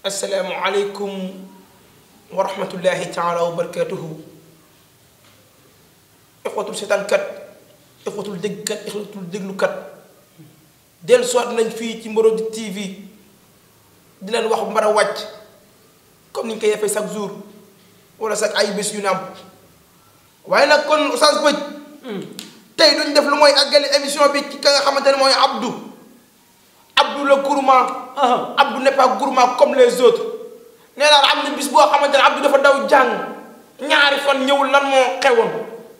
السلام عليكم ورحمة الله تعالى وبركاته إخوة الشيطان كات إخوة الدق كات إخوة الدق كات ديل سوات في تيمبرو دي تي في دي لان واخ مبارا واج كم نين كي يفي ساك زور ولا ساك أي بس ينام وين كون أستاذ بيت تاي دون دف لو موي أغالي أميسيون بيت كي كان خامتان موي عبدو Abdou le gourmand. Uh-huh. Abdou n'est pas gourmand comme les autres nee naa la am na bis boo xamante ne Abdou dafa daw jàng ñaari fan ñëwul lan moo xewoon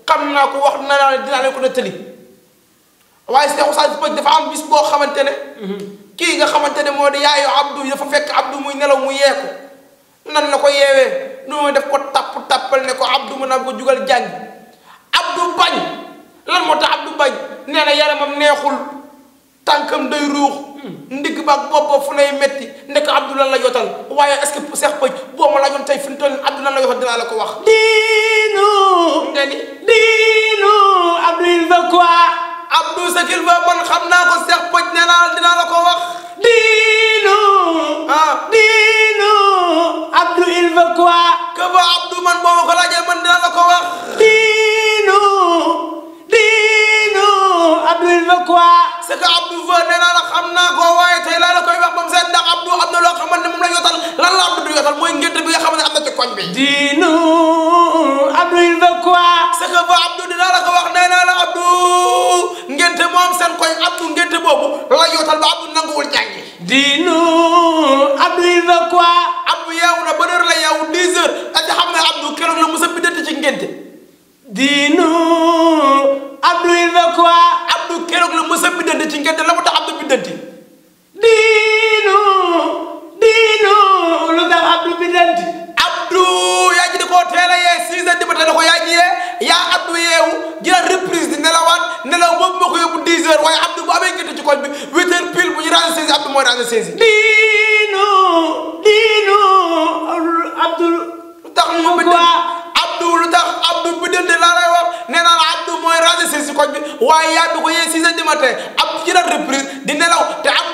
xam naa ko wax na naa ne dinaa leen ko am bis boo xamante ne. Uh-huh. kii nga xamante ne moo di yaayu Abdou dafa fekk Abdou muy nelaw mu yee nan la ko yeewee. noonu def ko tàpp tàppal ne ko Abdou mën naa ko jugal jàng Abdou bañ lan moo tax Abdou bañ nee na am neexul. tànkam day ruux ndigg ba ak bopp fu lay metti nekk Abdoulaye la yotal waaye est-ce que Cheikh Mbodj boo ma laajoon tey fi mu toll nii la ko wax. diinu. nga ni diinu Abdou il veut quoi. Abdou xam naa ko Cheikh Mbodj nee naa la ko wax. diinu. ah diinu Abdou il veut ba Abdou man boo ma ko parce que Abdou Fa nee naa la xam naa ko waaye tey laa la koy wax ba mu seet ndax Abdou am na loo xamante ne moom la yotal lan la Abdou du yotal mooy ngénte bi nga xamante ne am na ci koñ bi. diinu Abdou il veut quoi. parce que ba Abdou dinaa la ko wax nee naa la Abdou ngénte moom seen koñ Abdou ngénte boobu la yotal ba Abdou nanguwul jàngi. diinu Abdou il veut quoi. Abdou yeewu na ba heure la yeewu 10 heures ak nga xam ne Abdou keroog la mos a biddanti ci ngénte diinu. koo teel a yee six heures du ko yaa ngi yee yaa addu yeewu jëlaat reprise di nelawaat nelaw boobu moo ko yóbbu waaye abdu bu amee ngënte ci bi huit heures pile bu ñu rangé abdu mooy rangé seize diinu diinu abdu lu tax mu bind abdu lu tax abdu bindante laa lay wax nee naa la abdu mooy rangé seize ci koñ bi waaye yaa bi yee six heures du abdu jëlaat reprise di nelaw te abdu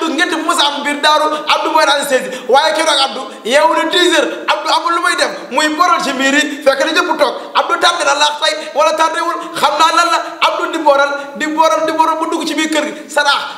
biir daaru Abdou mooy daan seeti waaye keroog Abdou yeewu na 10 heures Abdou amul lu muy def muy boral ci miir yi fekk na ñëpp toog Abdou tardé na laax tey wala tardé wul xam naa lan la Abdou di boral di boral di boral bu dugg ci biir kër gi saraax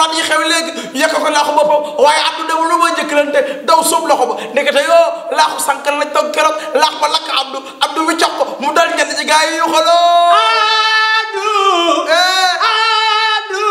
alxuraan yi xew léegi yekk ko laaxu boppam waaye addu dem lu ma njëkkalante daw suub loxo ba ndekete yoo laaxu sankal lañ toog keroog laax ba lakk abdu abdu bi cox ko mu dal ñenn ci gaa yi yu xoloo addu addu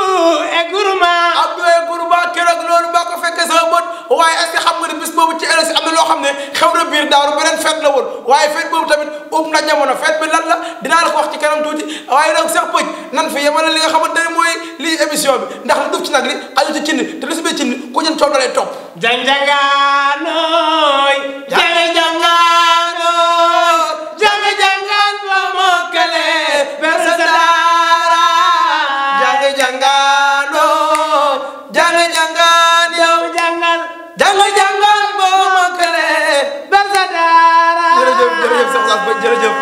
e guruma abdu e guruma keroog loolu maa ko fekkee sama bët waaye est-ce que xam nga bis bobu ci élection am lo xamne xam ne xew na biir daaru beneen feet la won waye feet bobu tamit um na jamono feet bi lan la dina la ko wax ci kanam tuuti waye nak sax pëj nan fi yamal li nga xamantene ne lii émission bi ndax li duf ci nag li aju ci cin te lu si bee cin ku ñun coow dalay topp janjangaanooy jange jangaanooy jange jangaan ba mokkale bersa daara jange jangaanooy jange jangaan yow jangal jange jangaan ba mokkale bersa daara jërëjëf jërëjëf soxna ba jërëjëf